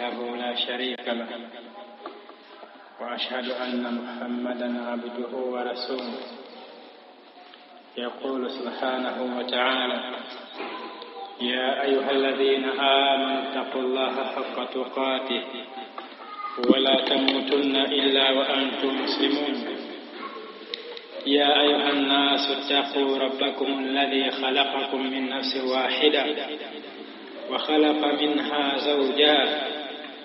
وحده لا شريك له وأشهد أن محمدا عبده ورسوله يقول سبحانه وتعالى يا أيها الذين آمنوا اتقوا الله حق تقاته ولا تموتن إلا وأنتم مسلمون يا أيها الناس اتقوا ربكم الذي خلقكم من نفس واحدة وخلق منها زوجات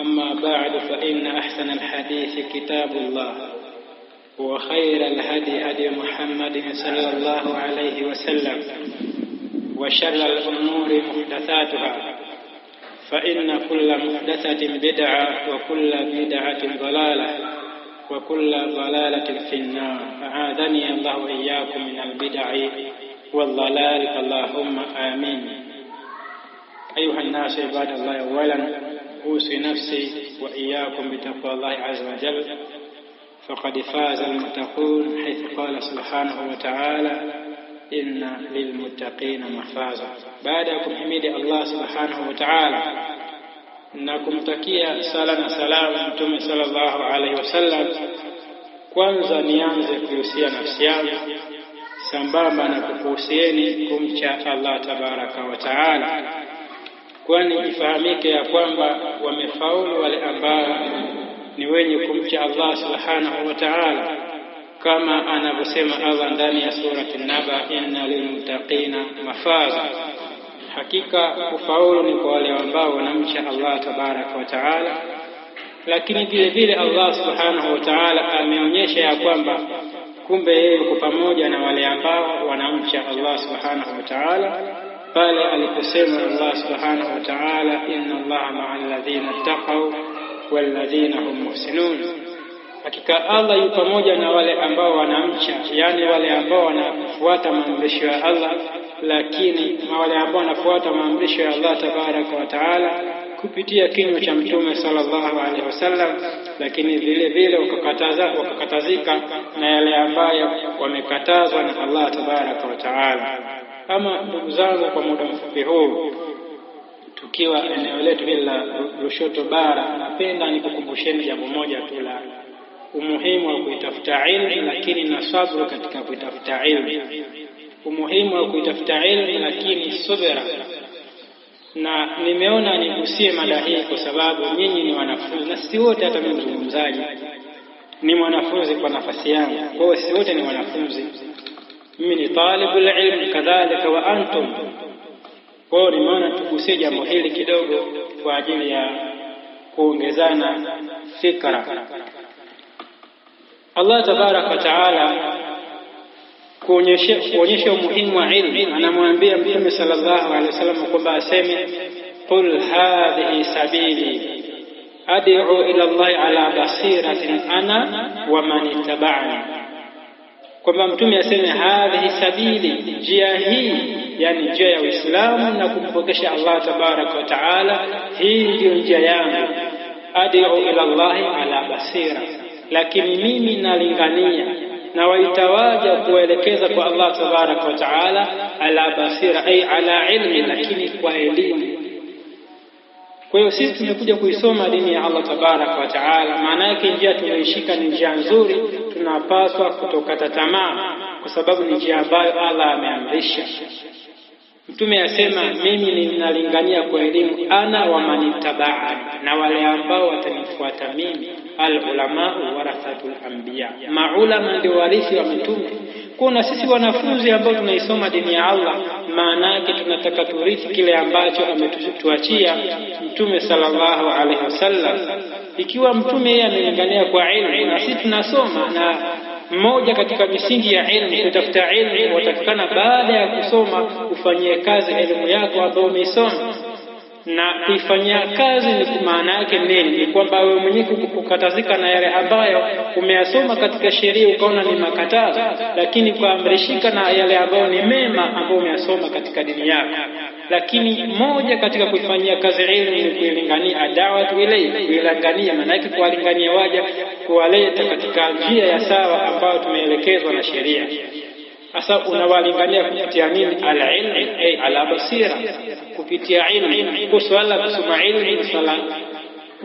أما بعد فإن أحسن الحديث كتاب الله وخير الهدي هدي محمد صلى الله عليه وسلم وشر الأمور محدثاتها فإن كل محدثة بدعة وكل بدعة ضلالة وكل ضلالة في النار أعاذني الله إياكم من البدع والضلال اللهم آمين أيها الناس عباد الله أولا أوصي نفسي وإياكم بتقوى الله عز وجل فقد فاز المتقون حيث قال سبحانه وتعالى إن للمتقين مفازا بعد أن حميد الله سبحانه وتعالى نكم تكيا صلاة سلام أنتم صلى الله عليه وسلم كوانزا نيانز يوسيا نفسيا سنبابا نكوسيني كمشا الله تبارك وتعالى kwani ifahamike ya kwamba wamefaulu wale ambao ni wenye kumcha Allah subhanahu wa ta'ala, kama anavyosema Allah ndani ya surati Naba, inna lilmuttaqina mafaza, hakika kufaulu ni kwa wale ambao wanamcha Allah tabaraka wa taala. Lakini vile vile Allah subhanahu wa ta'ala ameonyesha ya kwamba kumbe yeye yuko pamoja na wale ambao wanamcha Allah subhanahu wa ta'ala pale aliposema Allah subhanahu wa ta'ala, inna allaha maa alladhina ttaqau walladhina hum muhsinun, hakika Allah yu pamoja na wale ambao wanamcha, yaani wale ambao wanafuata maamrisho ya Allah, lakini wale ambao wanafuata maamrisho ya Allah tabaraka wa taala kupitia kinywa cha Mtume sallallahu alaihi wasallam, lakini vile vile wakakataza wakakatazika na yale ambayo wamekatazwa na Allah tabaraka wa taala. Ama ndugu zangu, kwa muda mfupi huu tukiwa eneo letu hili la Lushoto Bara, napenda nikukumbusheni jambo moja tu la umuhimu wa kuitafuta ilmu, lakini na sabru katika kuitafuta ilmu. Umuhimu wa kuitafuta ilmu, lakini subira. Na nimeona nigusie mada hii kwa sababu nyinyi ni wanafunzi, na si wote, hata mimi mzungumzaji ni mwanafunzi kwa nafasi yangu. Kwa hiyo si wote ni wanafunzi mimi ni talibu ilmu kadhalika wa antum. Kwa hiyo nimeona tugusie jambo hili kidogo kwa ajili ya kuongezana fikra. Allah tabaraka wa taala kuonyesha umuhimu wa ilmu, anamwambia Mtume sallallahu alaihi wasallam kwamba aseme qul hadhihi sabili ad'u ila Allah ala basiratin ana wa man ittaba'ani kwamba mtume aseme hadhihi sabili, njia hii, yani njia ya Uislamu na kumpokesha Allah tabaraka wa taala, hii ndiyo njia yangu. Adiu ila llahi ala basira, lakini mimi nalingania na waitawaja kuwaelekeza kwa Allah tabaraka wa taala, ala basira ay ala ilmi, lakini kwa elimu. Kwa hiyo sisi tumekuja kuisoma dini ya Allah tabaraka wa taala, maana yake njia tumeishika ni njia nzuri tunapaswa kutokata tamaa, kwa sababu ni njia ambayo Allah ameamrisha. Mtume asema, mimi ninalingania kwa elimu, ana wa manitabaa na wale ambao watanifuata mimi. alulamau ulamau warathatul anbiya, maulama ndio warithi wa mtume kuna na sisi wanafunzi ambao tunaisoma dini ya Allah, maana yake tunataka turithi kile ambacho ametuachia Mtume sallallahu alaihi wasallam. Ikiwa Mtume yeye amelingania kwa ilmu na sisi tunasoma, na mmoja katika misingi ya ilmu kutafuta ilmu, watakikana baada ya kusoma ufanyie kazi elimu yako ambayo umeisoma na kuifanyia kazi ni maana yake nini? Ni kwamba wewe mwenyewe kukatazika na yale ambayo umeyasoma katika sheria ukaona ni makatazo, lakini kuamrishika na yale ambayo ni mema ambayo umeyasoma katika dini yako. Lakini moja katika kuifanyia kazi elimu ni kuilingania, adawa ile kuilingania, maana yake kuwalingania waja, kuwaleta katika njia ya sawa ambayo tumeelekezwa na sheria asa unawalingania kupitia nini? Alilmi ay ala basira, kupitia ilmu. Kwa swala kusoma ilmu swala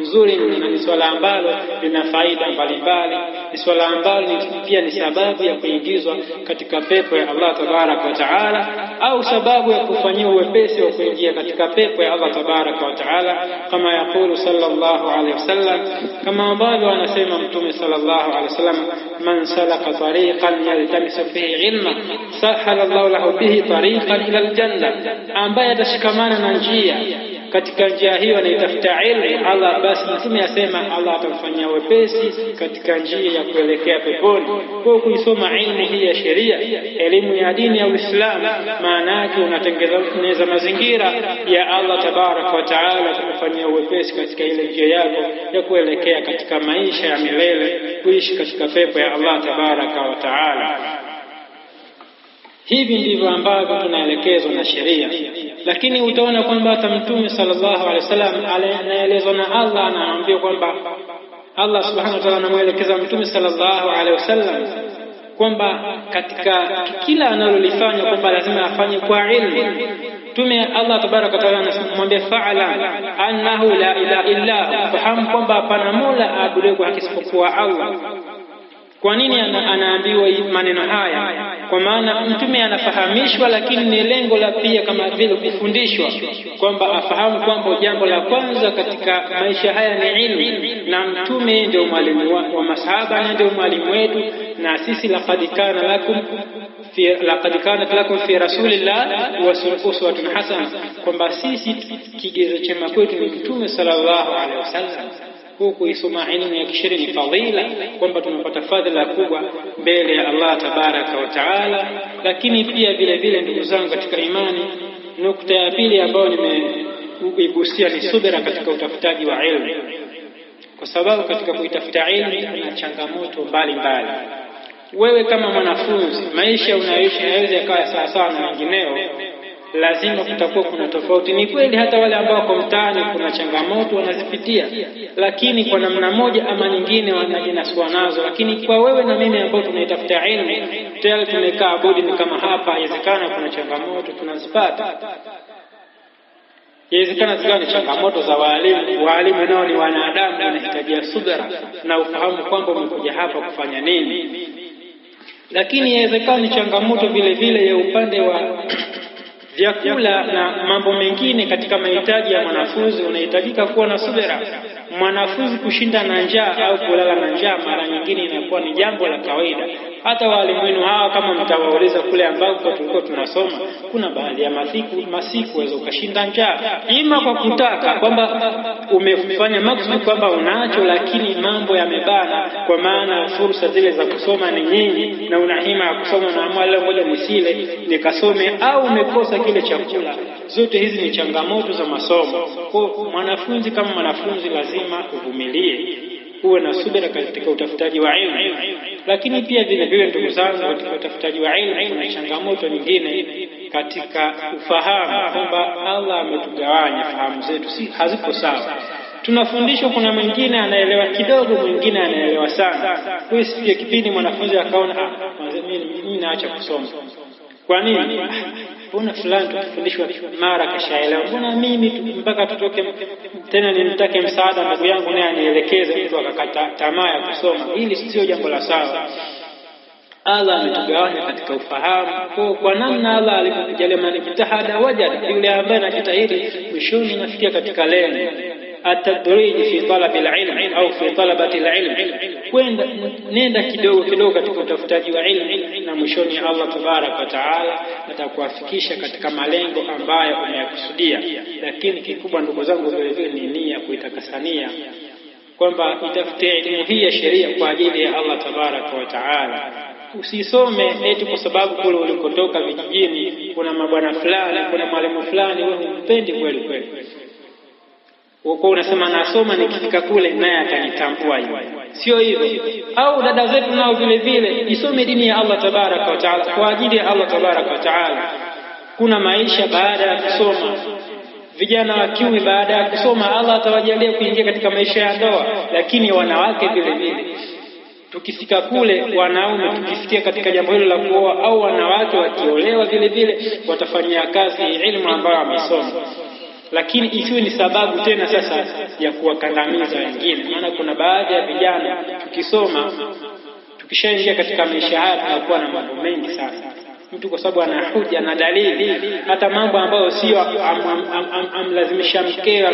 nzuri ni swala ambalo lina faida mbalimbali, ni swala ambalo pia ni sababu ya kuingizwa katika pepo ya Allah tabaraka wataala au sababu ya kufanyia uwepesi wa kuingia katika pepo ya Allah tabaraka wataala kama yaqulu sallallahu alehi wasallam, kama ambavyo anasema Mtume salllahu alaihi wasallam, man salaka tariqan yaltamisu fihi ilma sahala llahu lahu bihi tariqan ila ljanna ambaye atashikamana na njia katika njia hiyo anaitafuta ilmu Allah, basi mtume asema Allah atamfanyia wepesi katika njia ya kuelekea peponi. Kwa kuisoma ilmu hii ya sheria, elimu ya dini ya Uislamu, maana yake unatengeneza mazingira ya Allah tabaraka wa taala kukufanyia wepesi katika ile njia yako ya kuelekea katika maisha ya milele, kuishi katika pepo ya Allah tabaraka wa taala. Hivi ndivyo ambavyo tunaelekezwa na sheria. Lakini utaona kwamba hata Mtume sallallahu alaihi wasallam anaelezwa na Allah, anaambia kwamba Allah subhanahu wa ta'ala anamwelekeza Mtume sallallahu alaihi wasallam kwamba katika kila analolifanya kwamba lazima afanye kwa ilmu. Mtume Allah tabaraka wataala anamwambia fa'lam annahu la ilaha illa, fahamu kwamba hapana mola aabudiwe kwa haki isipokuwa Allah. Kwa nini anaambiwa maneno haya? Kwa maana mtume anafahamishwa, lakini ni lengo la pia kama vile kufundishwa kwamba afahamu kwamba jambo la kwanza katika maisha haya ni ilmu, na mtume ndio mwalimu wa, masahaba na ndio mwalimu wetu, na sisi laqad kana lakum laqad lakum fi rasulillah uswatun hasana, kwamba sisi kigezo chema kwetu ni mtume sallallahu alaihi wasallam huku isoma ilmu ya kishiri ni fadhila, kwamba tunapata fadhila kubwa mbele ya Allah tabaraka wa taala. Lakini pia vile vile, ndugu zangu katika imani, nukta ya pili ambayo nimeigusia ni subira katika utafutaji wa ilmu, kwa sababu katika kuitafuta ilmu kuna changamoto mbalimbali mbali. Wewe kama mwanafunzi, maisha unayoishi hayawezi yakawa sawasawa na wengineo lazima kutakuwa kuna tofauti. Ni kweli hata wale ambao wako mtaani kuna changamoto wanazipitia, lakini kwa namna moja ama nyingine wanajinasua nazo. Lakini kwa wewe na mimi ambao tunaitafuta ilmu tayari tumekaa bodini kama hapa, yawezekana kuna changamoto tunazipata, yawezekana zikawa ni changamoto za waalimu. Waalimu nao ni wanadamu, wanahitajia subira na ufahamu kwamba umekuja hapa kufanya nini, lakini yawezekana ni changamoto vile vile ya upande wa vyakula na mambo mengine katika mahitaji ya mwanafunzi, unahitajika kuwa na subira. Mwanafunzi kushinda na njaa au kulala na njaa mara nyingine inakuwa ni jambo la kawaida. Hata waalimu wenu hawa, kama mtawauliza kule ambako tulikuwa tunasoma, kuna baadhi ya masiku masiku waweza ukashinda njaa, ima kwa kutaka kwamba umefanya maksudi kwamba unacho, lakini mambo yamebana, kwa maana fursa zile za kusoma ni nyingi na una hima ya kusoma, na leo, ngoja nisile nikasome, au umekosa kile chakula. Zote hizi ni changamoto za masomo. Kwa mwanafunzi kama mwanafunzi lazima uvumilie uwe na subira katika utafutaji wa ilmu. Lakini pia vile vile, ndugu zangu, katika utafutaji wa ilmu kuna changamoto nyingine katika ufahamu, kwamba Allah ametugawanya fahamu zetu, si haziko sawa. Tunafundishwa, kuna mwingine anaelewa kidogo, mwingine anaelewa sana. Kwa hiyo kipindi mwanafunzi akaona ah, mimi naacha kusoma kwa nini? Mbona fulani tukifundishwa mara kashaelewa, mbona mimi mpaka tutoke tena nimtake msaada ndugu yangu naye anielekeze, mtu akakata tamaa ya kusoma? Hili sio jambo la sawa. Allah ametugawanya katika ufahamu kwa, kwa namna Allah alivyokujalia manijtahada wajada, yule ambaye anajitahidi mwishoni nafikia katika lengo. Atadriji fi talabil ilm au fi talabati alilm kwenda nenda kidogo kidogo katika utafutaji wa ilmu, na mwishoni Allah tabaraka wataala taala atakuafikisha katika malengo ambayo umeyakusudia. Lakini kikubwa ndugu zangu, vilevile ni nia, kuitakasania kwamba itafute elimu hii ya sheria kwa ajili ya Allah tabaraka wataala Usisome eti kwa sababu kule ulikotoka vijijini kuna mabwana fulani, kuna mwalimu fulani, wewe humpendi kweli kweli uko unasema nasoma, nikifika kule naye akanitambua. Hiyo sio hivyo? Au dada zetu nao vile vile, isome dini ya Allah tabaraka wa taala, kwa ajili ya Allah tabaraka wa taala. Kuna maisha baada ya kusoma. Vijana wa kiume baada ya kusoma, Allah atawajalia kuingia katika maisha ya ndoa, lakini wanawake vile vile tukifika kule, wanaume tukisikia katika jambo hilo la kuoa, au wanawake wakiolewa vile vile watafanyia kazi ilmu ambayo amesoma lakini isiwe ni sababu tena sasa ya kuwakandamiza wengine. Maana kuna baadhi ya vijana tukisoma, tukishaingia katika maisha haya tunakuwa na mambo mengi sana. Mtu kwa sababu ana hoja na dalili, hata mambo ambayo sio amlazimisha mkeo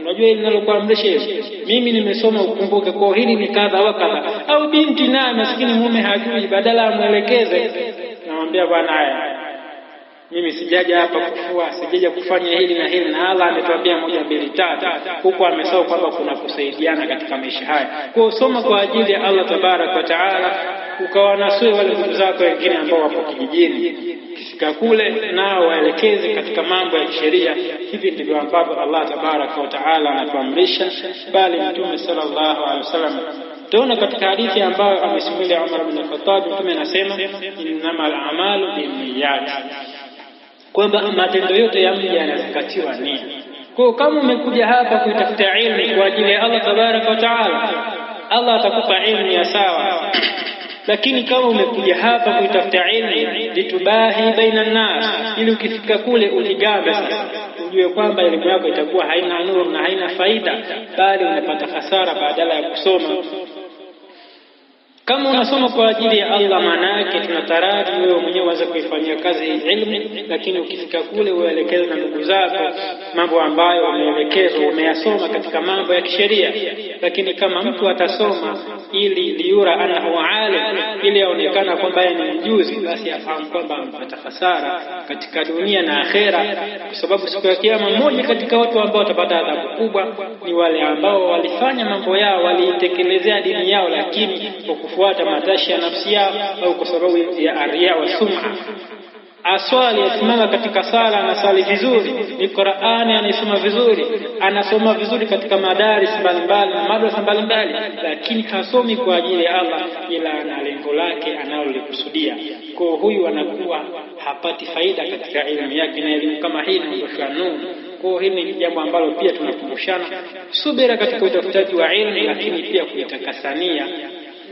Unajua hili nalokuamrisha hiyo, mimi nimesoma ukumbuke, kwa hili ni kadha wa kadha. Au binti naye maskini mume hajui, badala amwelekeze, namwambia bwana haya mimi sijaja hapa kufua, sijaja kufanya hili na hili, na Allah ametuambia moja mbili tatu, huku amesahau kwamba kuna kusaidiana katika maisha haya. Kwa usoma kwa ajili ya Allah tabarak wa taala, ukawanasue wale ndugu zako wengine ambao wapo kijijini kifika kule nao waelekezi katika mambo ya kisheria. Hivi ndivyo ambavyo Allah tabarak wa taala anatuamrisha, bali Mtume sallallahu alaihi wasallam Tuona katika hadithi ambayo amesimulia Umar bin Khattab, Mtume anasema al a'malu binniyat kwamba matendo yote ya mja yanazingatiwa nini. Kwa kama umekuja hapa kuitafuta ilmu kwa ajili ya Allah tabaraka wa taala, Allah atakupa ilmu ya sawa lakini kama umekuja hapa kuitafuta ilmu litubahi baina nnas, ili ukifika kule ujigambe sasa, ujue kwamba elimu yako itakuwa haina nuru na haina faida, bali unapata hasara badala ya kusoma. Kama unasoma kwa ajili ya Allah, maana yake tunataraji wewe mwenyewe uanze kuifanyia kazi hii ilmu, lakini ukifika kule uelekeze na ndugu zako mambo ambayo umeelekezwa umeyasoma katika mambo ya kisheria. Lakini kama mtu atasoma ili liura anahu alim, ili aonekana kwamba yeye ni mjuzi, basi afahamu kwamba amepata hasara katika dunia na akhera, kwa sababu siku ya Kiyama mmoja katika watu ambao watapata adhabu kubwa ni wale ambao walifanya mambo yao, waliitekelezea dini yao, lakini kwa kufuata matashi ya nafsi yao au kwa sababu ya aria wa sum'a. Aswali, asimama katika sala, anasali vizuri, ni Qur'ani anaisoma vizuri, anasoma vizuri katika madaris mbalimbali na madrasa mbalimbali, lakini hasomi kwa ajili ya Allah, ila ana lengo lake analolikusudia. Kwa huyu anakuwa hapati faida katika elimu yake, na elimu kama hii inaondosha nuru. Kwa hili ni jambo ambalo pia tunakumbushana subira katika utafutaji wa ilmu, lakini pia kuitakasania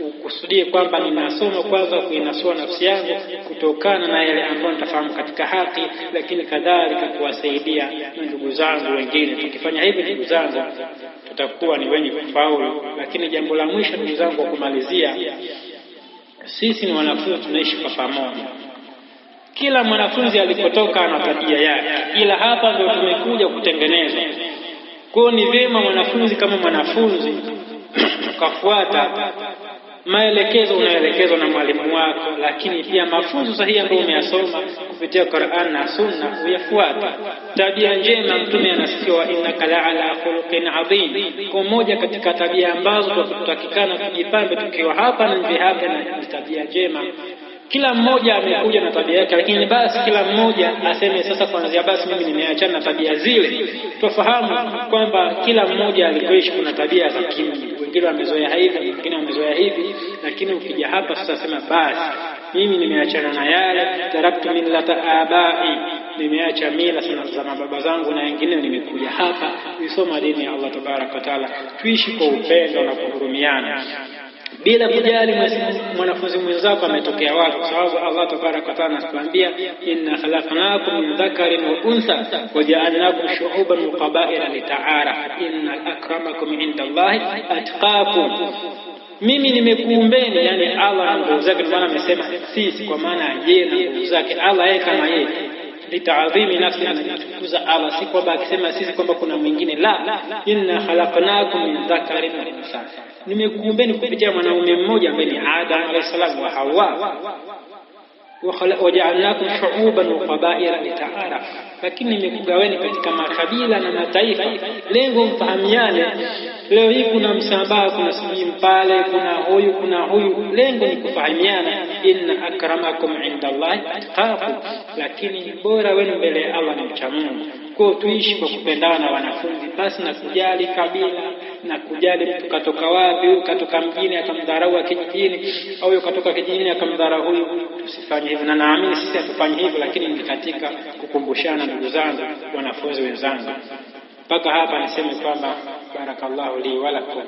ukusudie kwamba ninasoma kwanza kuinasua nafsi yangu kutokana na yale ambayo nitafahamu katika haki, lakini kadhalika kuwasaidia ndugu zangu wengine. Tukifanya hivi, ndugu zangu, tutakuwa ni wenye kufaulu. Lakini jambo la mwisho, ndugu zangu, kwa kumalizia, sisi ni wanafunzi, tunaishi kwa pamoja kila mwanafunzi alipotoka ana tabia yake, ila hapa ndio tumekuja kutengeneza. Kwa hiyo ni vyema mwanafunzi kama mwanafunzi ukafuata maelekezo unayoelekezwa na mwalimu wako, lakini pia mafunzo sahihi ambayo umeyasoma kupitia Qur'an na Sunna uyafuate. Tabia njema, Mtume anasisiwa innaka la ala khuluqin adhim, kwa moja katika tabia ambazo tutakikana tujipambe tukiwa hapa na nje hapa, na tabia njema kila mmoja amekuja na tabia yake, lakini basi kila mmoja aseme sasa, kuanzia basi mimi nimeachana na tabia zile. Tufahamu kwamba kila mmoja alikoishi kuna tabia za kimya wengine amezoea hivi, mwingine wamezoea hivi, lakini ukija hapa sasa sema basi, mimi nimeachana na yale, taraktu millata abai, nimeacha mila sana za mababa zangu na wengine nimekuja hapa isoma dini ya Allah tabaraka wa taala. Tuishi kwa upendo na kuhurumiana bila kujali mwanafunzi mwenzako ametokea wapi, kwa sababu Allah tabaraka wataala anatuambia inna khalaqnakum min dhakarin wa untha wa ja'alnakum shu'uban wa qabaila lita'arafu inna akramakum inda Allahi atqakum mimi nimekuumbeni, yani Allah na nguvu zake. Maana amesema sisi, kwa maana yeye na nguvu zake, Allah yeye kama yeye litaadhimi nafsi, anajitukuza Allah, si kwamba akisema sisi kwamba kuna mwingine la. Inna khalaqnakum min dhakarin wa untha nimekuumbeni kupitia mwanaume mmoja ambaye ni Adam alayhi salam wa Hawa, wajaalnakum shuuban wa qabaila litaarafu, lakini nimekugaweni katika makabila na mataifa, lengo mfahamiane Leo hii kuna Msambaa, kuna sijui Mpale, kuna huyu, kuna huyu. Lengo ni kufahamiana, inna akramakum inda Allahi atqakum, lakini bora wenu mbele ya Allah ni mcha Mungu. Kwa tuishi kwa kupendana wanafunzi, basi na kujali kabila na kujali mtu katoka wapi, huyu katoka mjini akamdharau kijijini, au huyu katoka kijijini akamdharau huyu. Tusifanye hivyo, na naamini sisi hatufanye hivyo, lakini ni katika kukumbushana, ndugu zangu, wanafunzi wenzangu. Mpaka hapa niseme kwamba بارك الله لي ولكم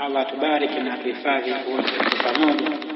الله تبارك في فاضل وفي